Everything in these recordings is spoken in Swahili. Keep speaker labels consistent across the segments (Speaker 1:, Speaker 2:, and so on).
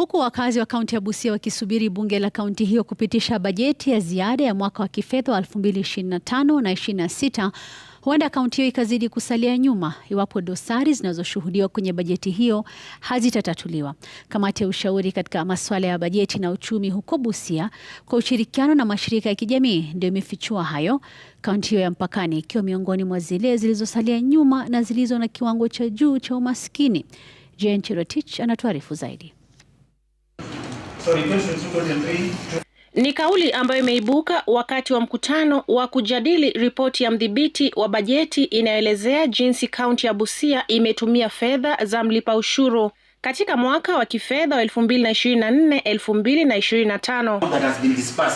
Speaker 1: huku wakazi wa kaunti ya Busia wakisubiri bunge la kaunti hiyo kupitisha bajeti ya ziada ya mwaka wa kifedha 2025 na 26, huenda kaunti hiyo ikazidi kusalia nyuma iwapo dosari zinazoshuhudiwa kwenye bajeti hiyo hazitatatuliwa. Kamati ya ushauri katika masuala ya bajeti na uchumi huko Busia kwa ushirikiano na mashirika ya kijamii ndio imefichua hayo, kaunti hiyo ya mpakani ikiwa miongoni mwa zile zilizosalia nyuma na zilizo na kiwango cha juu cha umaskini. Jane Chirotich anatuarifu zaidi. Ni kauli ambayo imeibuka wakati wa mkutano wa kujadili ripoti ya mdhibiti wa bajeti inayoelezea jinsi kaunti ya Busia imetumia fedha za mlipa ushuru katika mwaka wa kifedha wa 2024 2025.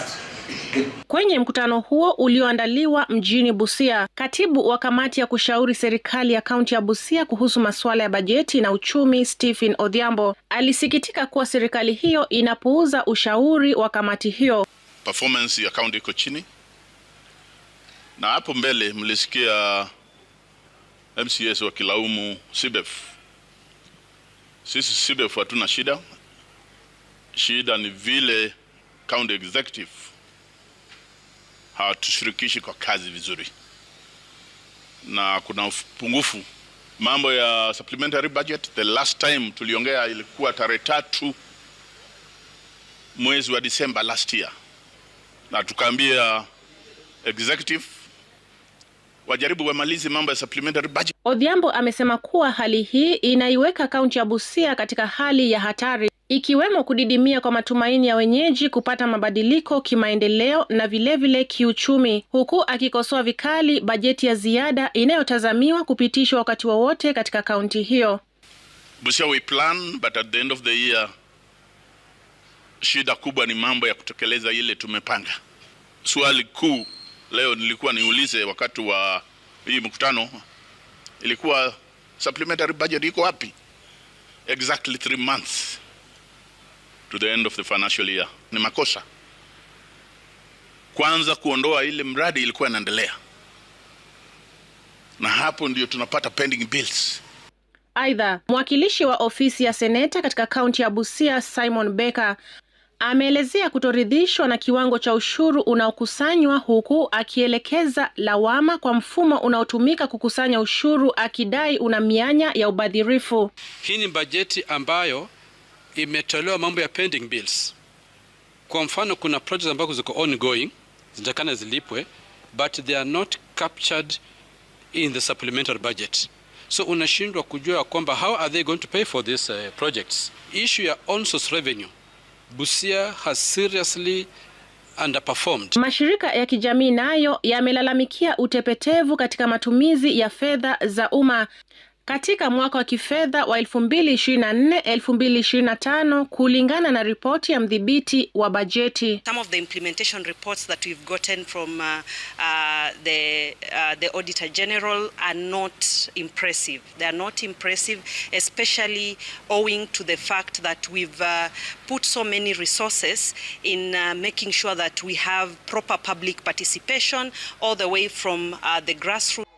Speaker 1: Kwenye mkutano huo ulioandaliwa mjini Busia, katibu wa kamati ya kushauri serikali ya kaunti ya Busia kuhusu masuala ya bajeti na uchumi, Stephen Odhiambo, alisikitika kuwa serikali hiyo inapuuza ushauri wa kamati hiyo.
Speaker 2: Performance ya kaunti iko chini, na hapo mbele mlisikia MCS wakilaumu CBEF. Sisi CBEF hatuna shida, shida ni vile county executive hawatushirikishi kwa kazi vizuri, na kuna upungufu mambo ya supplementary budget. The last time tuliongea ilikuwa tarehe tatu mwezi wa Disemba last year, na tukaambia executive wajaribu wamalize mambo ya supplementary budget.
Speaker 1: Odhiambo amesema kuwa hali hii inaiweka kaunti ya Busia katika hali ya hatari ikiwemo kudidimia kwa matumaini ya wenyeji kupata mabadiliko kimaendeleo na vilevile vile kiuchumi, huku akikosoa vikali bajeti ya ziada inayotazamiwa kupitishwa wakati wowote wa katika kaunti hiyo.
Speaker 2: Busia we plan but at the end of the year, shida kubwa ni mambo ya kutekeleza ile tumepanga. Swali kuu leo nilikuwa niulize wakati wa hii mkutano ilikuwa supplementary budget iko wapi? Exactly months to the end of the financial year. Ni makosa kwanza kuondoa ile mradi ilikuwa inaendelea, na hapo ndio tunapata pending bills.
Speaker 1: Aidha, mwakilishi wa ofisi ya seneta katika kaunti ya Busia Simon Becker ameelezea kutoridhishwa na kiwango cha ushuru unaokusanywa huku akielekeza lawama kwa mfumo unaotumika kukusanya ushuru akidai una mianya ya ubadhirifu.
Speaker 3: Hii ni bajeti ambayo imetolewa mambo ya pending bills. Kwa mfano, kuna projects ambazo ziko ongoing zinatakana zilipwe but they are not captured in the supplementary budget, so unashindwa kujua kwamba how are they going to pay for these uh, projects. Issue ya on source revenue, Busia has seriously Underperformed.
Speaker 1: Mashirika ya kijamii nayo yamelalamikia utepetevu katika matumizi ya fedha za umma katika mwaka wa kifedha wa 2024 2025 kulingana na ripoti ya mdhibiti wa bajeti.
Speaker 4: Some of the implementation reports that we've gotten from uh, uh, the, uh, the auditor general are not impressive. They are not impressive especially owing to the fact that we've uh, put so many resources in uh, making sure that we have proper public participation all the way from uh, the grassroots